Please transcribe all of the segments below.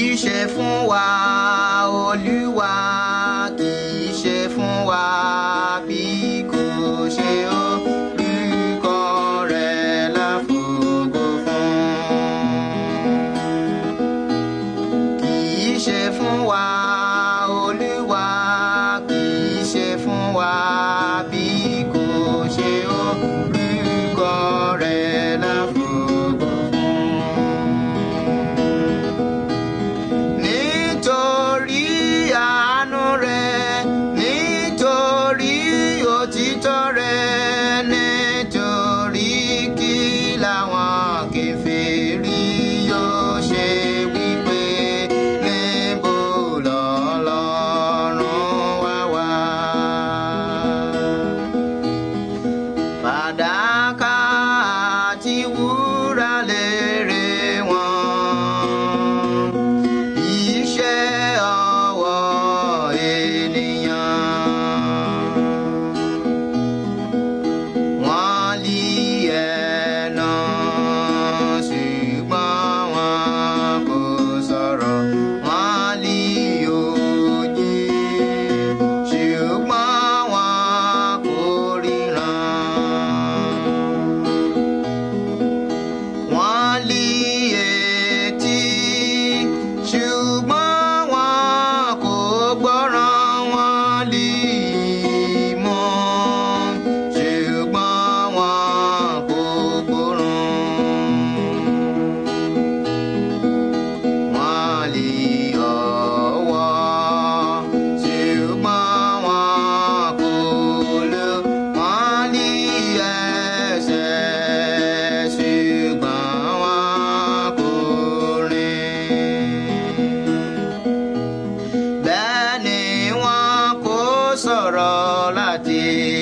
kìí ṣe fún wa olúwa kìí ṣe fún wa bí kò ṣe orúkọ rẹ láfògo fún kìí ṣe fún wa. られ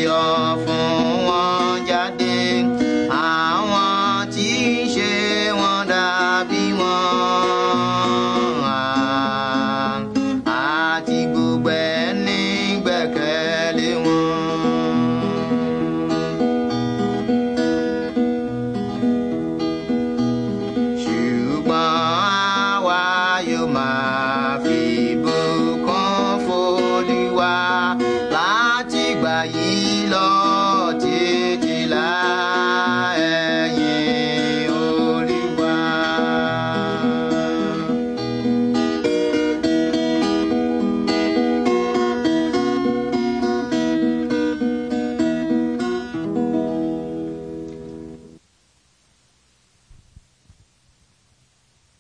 yọ fún wọn jáde àwọn tí í ṣe wọn dàbí wọn. àti gbogbo ẹni gbẹ́kẹ̀lé wọn. ṣùgbọ́n àwa 那一。